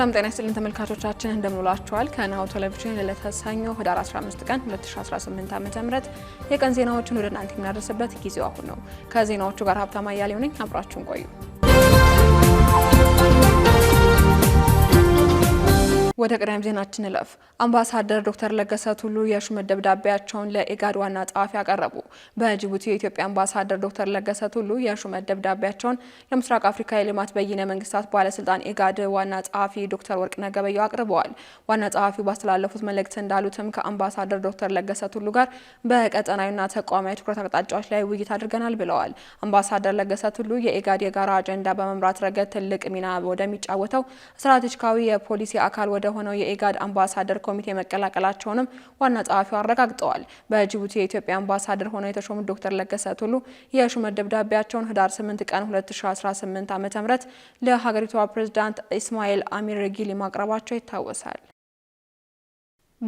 ሰላም ጤና ይስጥልን ተመልካቾቻችን እንደምንላችኋል። ከናሁ ቴሌቪዥን ለዕለተ ሰኞ ህዳር 15 ቀን 2018 ዓ.ም የቀን ዜናዎችን ወደ እናንተ የምናደርስበት ጊዜው አሁን ነው። ከዜናዎቹ ጋር ሀብታማ እያሌው ነኝ። አብራችሁን ቆዩ። ወደ ቀዳሚ ዜናችን እለፍ። አምባሳደር ዶክተር ለገሰ ቱሉ የሹመት ደብዳቤያቸውን ለኢጋድ ዋና ጸሐፊ አቀረቡ። በጅቡቲ የኢትዮጵያ አምባሳደር ዶክተር ለገሰ ቱሉ የሹመት ደብዳቤያቸውን ለምስራቅ አፍሪካ የልማት በይነ መንግስታት ባለስልጣን ኢጋድ ዋና ጸሐፊ ዶክተር ወርቅነህ ገበየሁ አቅርበዋል። ዋና ጸሐፊው ባስተላለፉት መልእክት እንዳሉትም ከአምባሳደር ዶክተር ለገሰ ቱሉ ጋር በቀጠናዊና ተቋማዊ ትኩረት አቅጣጫዎች ላይ ውይይት አድርገናል ብለዋል። አምባሳደር ለገሰ ቱሉ የኢጋድ የጋራ አጀንዳ በመምራት ረገድ ትልቅ ሚና ወደሚጫወተው ስትራቴጂካዊ የፖሊሲ አካል ወደ የሆነው የኢጋድ አምባሳደር ኮሚቴ መቀላቀላቸውንም ዋና ጸሐፊው አረጋግጠዋል። በጅቡቲ የኢትዮጵያ አምባሳደር ሆነው የተሾሙት ዶክተር ለገሰ ቱሉ የሹመት ደብዳቤያቸውን ህዳር 8 ቀን 2018 ዓ.ም ለሀገሪቷ ፕሬዝዳንት ኢስማኤል አሚር ጊሊ ማቅረባቸው ይታወሳል።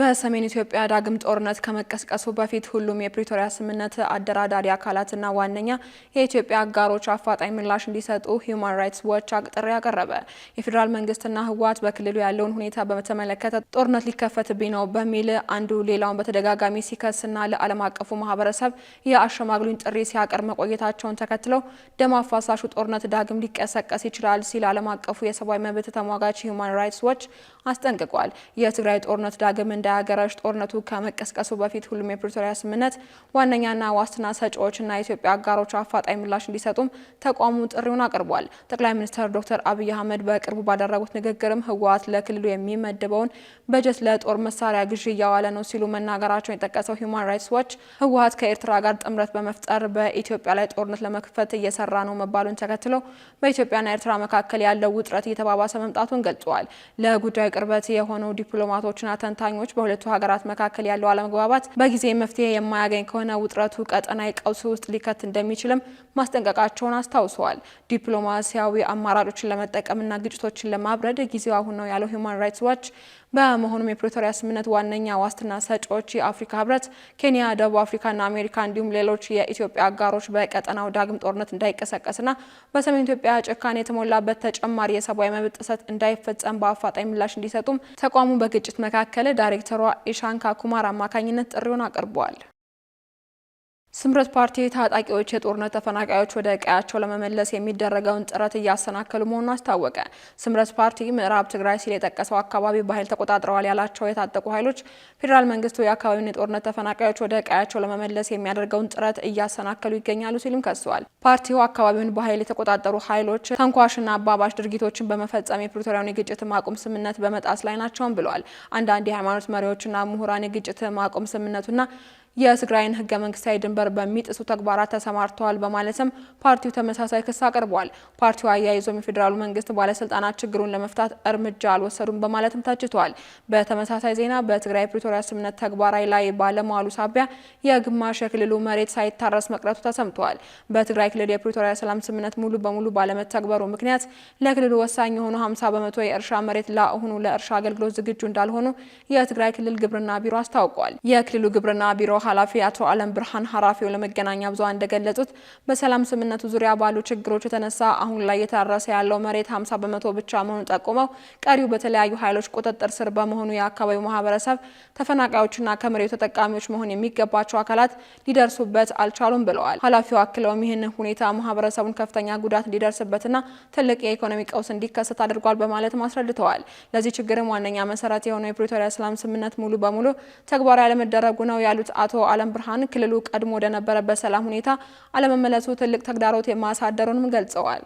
በሰሜን ኢትዮጵያ ዳግም ጦርነት ከመቀስቀሱ በፊት ሁሉም የፕሪቶሪያ ስምምነት አደራዳሪ አካላትና ዋነኛ የኢትዮጵያ አጋሮች አፋጣኝ ምላሽ እንዲሰጡ ሂዩማን ራይትስ ዎች ጥሪ አቀረበ። የፌዴራል መንግስትና ህወሓት በክልሉ ያለውን ሁኔታ በተመለከተ ጦርነት ሊከፈትብኝ ነው በሚል አንዱ ሌላውን በተደጋጋሚ ሲከስና ለዓለም አቀፉ ማህበረሰብ የአሸማግሉኝ ጥሪ ሲያቀርብ መቆየታቸውን ተከትለው ደም አፋሳሹ ጦርነት ዳግም ሊቀሰቀስ ይችላል ሲል ዓለም አቀፉ የሰብአዊ መብት ተሟጋች ሂዩማን ራይትስ ዎች አስጠንቅቋል። የትግራይ ጦርነት ዳግም እንደ አገራች ጦርነቱ ከመቀስቀሱ በፊት ሁሉም የፕሪቶሪያ ስምምነት ዋነኛና ዋስትና ሰጪዎችና የኢትዮጵያ አጋሮች አፋጣኝ ምላሽ እንዲሰጡም ተቋሙ ጥሪውን አቅርቧል። ጠቅላይ ሚኒስትር ዶክተር አብይ አህመድ በቅርቡ ባደረጉት ንግግርም ህወሓት ለክልሉ የሚመደበውን በጀት ለጦር መሳሪያ ግዢ እያዋለ ነው ሲሉ መናገራቸውን የጠቀሰው ሂውማን ራይትስ ዋች ህወሓት ከኤርትራ ጋር ጥምረት በመፍጠር በኢትዮጵያ ላይ ጦርነት ለመክፈት እየሰራ ነው መባሉን ተከትሎ በኢትዮጵያና ኤርትራ መካከል ያለው ውጥረት እየተባባሰ መምጣቱን ገልጿል። ለጉዳዩ ቅርበት የሆኑ ዲፕሎማቶችና ተንታኞች በሁለቱ ሀገራት መካከል ያለው አለመግባባት በጊዜ መፍትሄ የማያገኝ ከሆነ ውጥረቱ ቀጠናዊ ቀውስ ውስጥ ሊከት እንደሚችልም ማስጠንቀቃቸውን አስታውሰዋል። ዲፕሎማሲያዊ አማራጮችን ለመጠቀምና ግጭቶችን ለማብረድ ጊዜው አሁን ነው ያለው ሂውማን ራይትስ ዋች በመሆኑም የፕሪቶሪያ ስምምነት ዋነኛ ዋስትና ሰጪዎች የአፍሪካ ህብረት፣ ኬንያ፣ ደቡብ አፍሪካና አሜሪካ እንዲሁም ሌሎች የኢትዮጵያ አጋሮች በቀጠናው ዳግም ጦርነት እንዳይቀሰቀስና በሰሜን ኢትዮጵያ ጭካኔ የተሞላበት ተጨማሪ የሰብአዊ መብት ጥሰት እንዳይፈጸም በአፋጣኝ ምላሽ እንዲሰጡም ተቋሙ በግጭት መካከል ዳይሬክተሯ ኢሻንካ ኩማር አማካኝነት ጥሪውን አቅርበዋል። ስምረት ፓርቲ ታጣቂዎች የጦርነት ተፈናቃዮች ወደ ቀያቸው ለመመለስ የሚደረገውን ጥረት እያሰናከሉ መሆኑን አስታወቀ። ስምረት ፓርቲ ምዕራብ ትግራይ ሲል የጠቀሰው አካባቢ በኃይል ተቆጣጥረዋል ያላቸው የታጠቁ ኃይሎች ፌዴራል መንግስቱ የአካባቢውን የጦርነት ተፈናቃዮች ወደ ቀያቸው ለመመለስ የሚያደርገውን ጥረት እያሰናከሉ ይገኛሉ ሲልም ከሰዋል ፓርቲው አካባቢውን በኃይል የተቆጣጠሩ ኃይሎች ተንኳሽና አባባሽ ድርጊቶችን በመፈጸም የፕሪቶሪያውን የግጭት ማቆም ስምምነት በመጣስ ላይ ናቸውም ብለዋል። አንዳንድ የሃይማኖት መሪዎችና ምሁራን የግጭት ማቆም ስምምነቱና የትግራይን ህገ መንግስታዊ ድንበር በሚጥሱ ተግባራት ተሰማርተዋል በማለትም ፓርቲው ተመሳሳይ ክስ አቅርቧል። ፓርቲው አያይዞም የፌዴራሉ መንግስት ባለስልጣናት ችግሩን ለመፍታት እርምጃ አልወሰዱም በማለትም ተችቷል። በተመሳሳይ ዜና በትግራይ ፕሪቶሪያ ስምምነት ተግባራዊ ላይ ባለመዋሉ ሳቢያ የግማሽ የክልሉ መሬት ሳይታረስ መቅረቱ ተሰምቷል። በትግራይ ክልል የፕሪቶሪያ ሰላም ስምምነት ሙሉ በሙሉ ባለመተግበሩ ምክንያት ለክልሉ ወሳኝ የሆኑ 50 በመቶ የእርሻ መሬት ለአሁኑ ለእርሻ አገልግሎት ዝግጁ እንዳልሆኑ የትግራይ ክልል ግብርና ቢሮ አስታውቋል። የክልሉ ግብርና ቢሮ ኃላፊ አቶ አለም ብርሃን ሀራፊው ለመገናኛ ብዙኃን እንደገለጹት በሰላም ስምምነቱ ዙሪያ ባሉ ችግሮች የተነሳ አሁን ላይ እየታረሰ ያለው መሬት 50 በመቶ ብቻ መሆኑን ጠቁመው ቀሪው በተለያዩ ኃይሎች ቁጥጥር ስር በመሆኑ የአካባቢው ማህበረሰብ ተፈናቃዮችና ከመሬቱ ተጠቃሚዎች መሆን የሚገባቸው አካላት ሊደርሱበት አልቻሉም ብለዋል። ኃላፊው አክለውም ይህንን ሁኔታ ማህበረሰቡን ከፍተኛ ጉዳት እንዲደርስበትና ትልቅ የኢኮኖሚ ቀውስ እንዲከሰት አድርጓል በማለት አስረድተዋል። ለዚህ ችግርም ዋነኛ መሰረት የሆነው የፕሪቶሪያ ሰላም ስምምነት ሙሉ በሙሉ ተግባራዊ ያለመደረጉ ነው ያሉት አቶ አቶ አለም ብርሃን ክልሉ ቀድሞ ወደነበረበት ሰላም ሁኔታ አለመመለሱ ትልቅ ተግዳሮት የማሳደሩንም ገልጸዋል።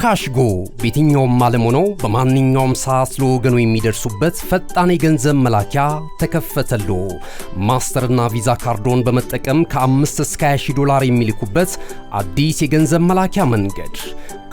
ካሽጎ በየትኛውም ዓለም ሆነው በማንኛውም ሰዓት ለወገኑ የሚደርሱበት ፈጣን የገንዘብ መላኪያ ተከፈተሉ። ማስተርና ቪዛ ካርዶን በመጠቀም ከ5 እስከ 20 ዶላር የሚልኩበት አዲስ የገንዘብ መላኪያ መንገድ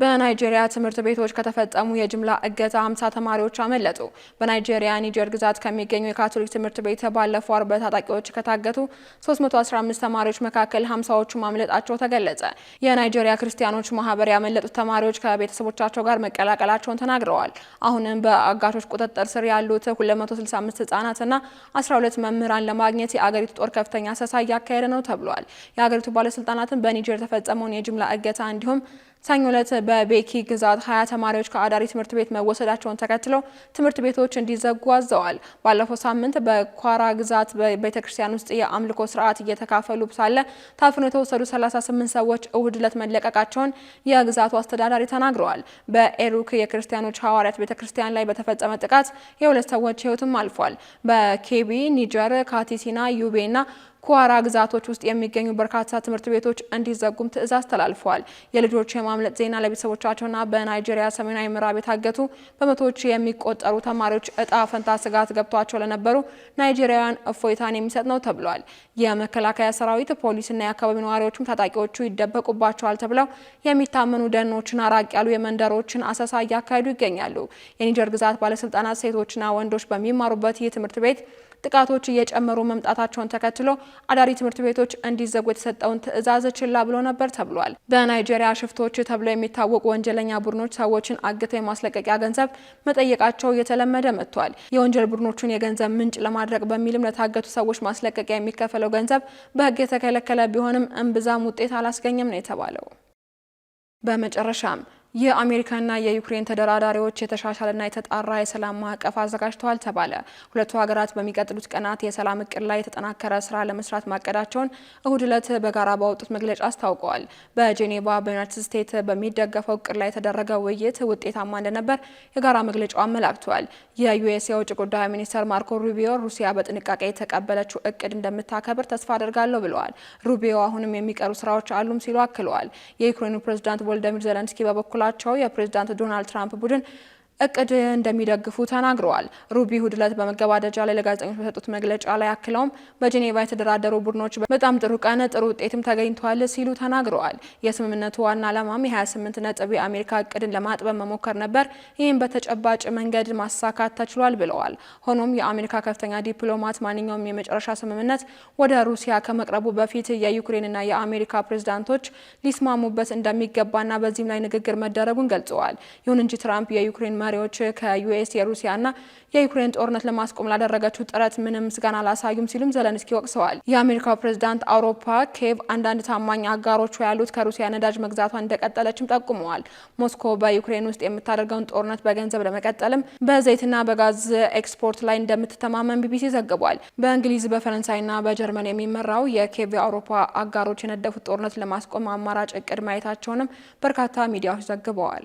በናይጄሪያ ትምህርት ቤቶች ከተፈጸሙ የጅምላ እገታ 50 ተማሪዎች አመለጡ። በናይጄሪያ ኒጀር ግዛት ከሚገኙ የካቶሊክ ትምህርት ቤት ባለፈው አርብ ታጣቂዎች ከታገቱ 315 ተማሪዎች መካከል 50ዎቹ ማምለጣቸው ተገለጸ። የናይጄሪያ ክርስቲያኖች ማህበር ያመለጡት ተማሪዎች ከቤተሰቦቻቸው ጋር መቀላቀላቸውን ተናግረዋል። አሁንም በአጋቾች ቁጥጥር ስር ያሉት 265 ህጻናትና 12 መምህራን ለማግኘት የአገሪቱ ጦር ከፍተኛ ሰሳ እያካሄደ ነው ተብሏል። የአገሪቱ ባለስልጣናትን በኒጀር የተፈጸመውን የጅምላ እገታ እንዲሁም ሰኞ ዕለት በቤኪ ግዛት ሀያ ተማሪዎች ከአዳሪ ትምህርት ቤት መወሰዳቸውን ተከትለው ትምህርት ቤቶች እንዲዘጉ አዘዋል። ባለፈው ሳምንት በኳራ ግዛት ቤተክርስቲያን ውስጥ የአምልኮ ስርዓት እየተካፈሉ ሳለ ታፍኖ የተወሰዱ 38 ሰዎች እሁድ ዕለት መለቀቃቸውን የግዛቱ አስተዳዳሪ ተናግረዋል። በኤሩክ የክርስቲያኖች ሐዋርያት ቤተክርስቲያን ላይ በተፈጸመ ጥቃት የሁለት ሰዎች ህይወትም አልፏል። በኬቢ ኒጀር፣ ካቲሲና ዩቤና ኩዋራ ግዛቶች ውስጥ የሚገኙ በርካታ ትምህርት ቤቶች እንዲዘጉም ትዕዛዝ ተላልፈዋል። የልጆች የማምለጥ ዜና ለቤተሰቦቻቸውና በናይጄሪያ ሰሜናዊ ምዕራብ የታገቱ በመቶዎች የሚቆጠሩ ተማሪዎች እጣ ፈንታ ስጋት ገብቷቸው ለነበሩ ናይጄሪያውያን እፎይታን የሚሰጥ ነው ተብሏል። የመከላከያ ሰራዊት፣ ፖሊስና የአካባቢው ነዋሪዎችም ታጣቂዎቹ ይደበቁባቸዋል ተብለው የሚታመኑ ደኖችን አራቅ ያሉ የመንደሮችን አሰሳ እያካሄዱ ይገኛሉ። የኒጀር ግዛት ባለስልጣናት ሴቶችና ወንዶች በሚማሩበት ይህ ትምህርት ቤት ጥቃቶች እየጨመሩ መምጣታቸውን ተከትሎ አዳሪ ትምህርት ቤቶች እንዲዘጉ የተሰጠውን ትዕዛዝ ችላ ብሎ ነበር ተብሏል። በናይጄሪያ ሽፍቶች ተብለው የሚታወቁ ወንጀለኛ ቡድኖች ሰዎችን አግተው የማስለቀቂያ ገንዘብ መጠየቃቸው እየተለመደ መጥቷል። የወንጀል ቡድኖቹን የገንዘብ ምንጭ ለማድረግ በሚልም ለታገቱ ሰዎች ማስለቀቂያ የሚከፈለው ገንዘብ በሕግ የተከለከለ ቢሆንም እምብዛም ውጤት አላስገኘም ነው የተባለው። በመጨረሻም የአሜሪካና የዩክሬን ተደራዳሪዎች የተሻሻለና የተጣራ የሰላም ማዕቀፍ አዘጋጅተዋል ተባለ። ሁለቱ ሀገራት በሚቀጥሉት ቀናት የሰላም እቅድ ላይ የተጠናከረ ስራ ለመስራት ማቀዳቸውን እሁድ ዕለት በጋራ ባወጡት መግለጫ አስታውቀዋል። በጄኔቫ በዩናይትድ ስቴትስ በሚደገፈው እቅድ ላይ የተደረገ ውይይት ውጤታማ እንደነበር የጋራ መግለጫው አመላክቷል። የዩኤስ የውጭ ጉዳይ ሚኒስትር ማርኮ ሩቢዮ ሩሲያ በጥንቃቄ የተቀበለችው እቅድ እንደምታከብር ተስፋ አድርጋለሁ ብለዋል። ሩቢዮ አሁንም የሚቀሩ ስራዎች አሉም ሲሉ አክለዋል። የዩክሬኑ ፕሬዝዳንት ቮሎዲሚር ዘለንስኪ በበኩል በበኩላቸው የፕሬዝዳንት ዶናልድ ትራምፕ ቡድን እቅድ እንደሚደግፉ ተናግረዋል። ሩቢ እሁድ ዕለት በመገባደጃ ላይ ለጋዜጠኞች በሰጡት መግለጫ ላይ አክለውም በጄኔቫ የተደራደሩ ቡድኖች በጣም ጥሩ ቀን ጥሩ ውጤትም ተገኝተዋል ሲሉ ተናግረዋል። የስምምነቱ ዋና ዓላማም የ28 ነጥብ የአሜሪካ እቅድን ለማጥበብ መሞከር ነበር። ይህም በተጨባጭ መንገድ ማሳካት ተችሏል ብለዋል። ሆኖም የአሜሪካ ከፍተኛ ዲፕሎማት ማንኛውም የመጨረሻ ስምምነት ወደ ሩሲያ ከመቅረቡ በፊት የዩክሬንና የአሜሪካ ፕሬዝዳንቶች ሊስማሙበት እንደሚገባና በዚህም ላይ ንግግር መደረጉን ገልጸዋል። ይሁን እንጂ ትራምፕ የዩክሬን መሪዎች ከዩኤስ የሩሲያና የዩክሬን ጦርነት ለማስቆም ላደረገችው ጥረት ምንም ምስጋና አላሳዩም ሲሉም ዘለንስኪ ወቅሰዋል። የአሜሪካው ፕሬዝዳንት አውሮፓ ኬቭ አንዳንድ ታማኝ አጋሮቿ ያሉት ከሩሲያ ነዳጅ መግዛቷን እንደቀጠለችም ጠቁመዋል። ሞስኮ በዩክሬን ውስጥ የምታደርገውን ጦርነት በገንዘብ ለመቀጠልም በዘይትና በጋዝ ኤክስፖርት ላይ እንደምትተማመን ቢቢሲ ዘግቧል። በእንግሊዝ በፈረንሳይና በጀርመን የሚመራው የኬቭ የአውሮፓ አጋሮች የነደፉት ጦርነት ለማስቆም አማራጭ እቅድ ማየታቸውንም በርካታ ሚዲያዎች ዘግበዋል።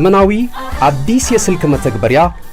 ዘመናዊ አዲስ የስልክ መተግበሪያ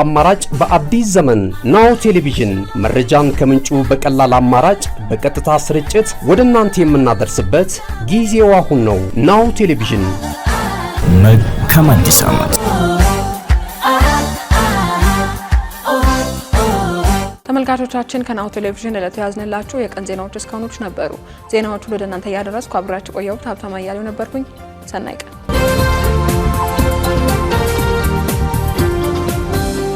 አማራጭ በአዲስ ዘመን ናሁ ቴሌቪዥን መረጃን ከምንጩ በቀላል አማራጭ በቀጥታ ስርጭት ወደ እናንተ የምናደርስበት ጊዜው አሁን ነው። ናሁ ቴሌቪዥን መልካም አዲስ ዓመት። ተመልካቾቻችን ከናሁ ቴሌቪዥን ዕለቱ ያዝንላችሁ የቀን ዜናዎች እስካሁኖች ነበሩ። ዜናዎቹን ወደ እናንተ እያደረስኩ አብራችሁ ቆየሁት ሀብታማ እያሌው ነበርኩኝ። ሰናይ ቀን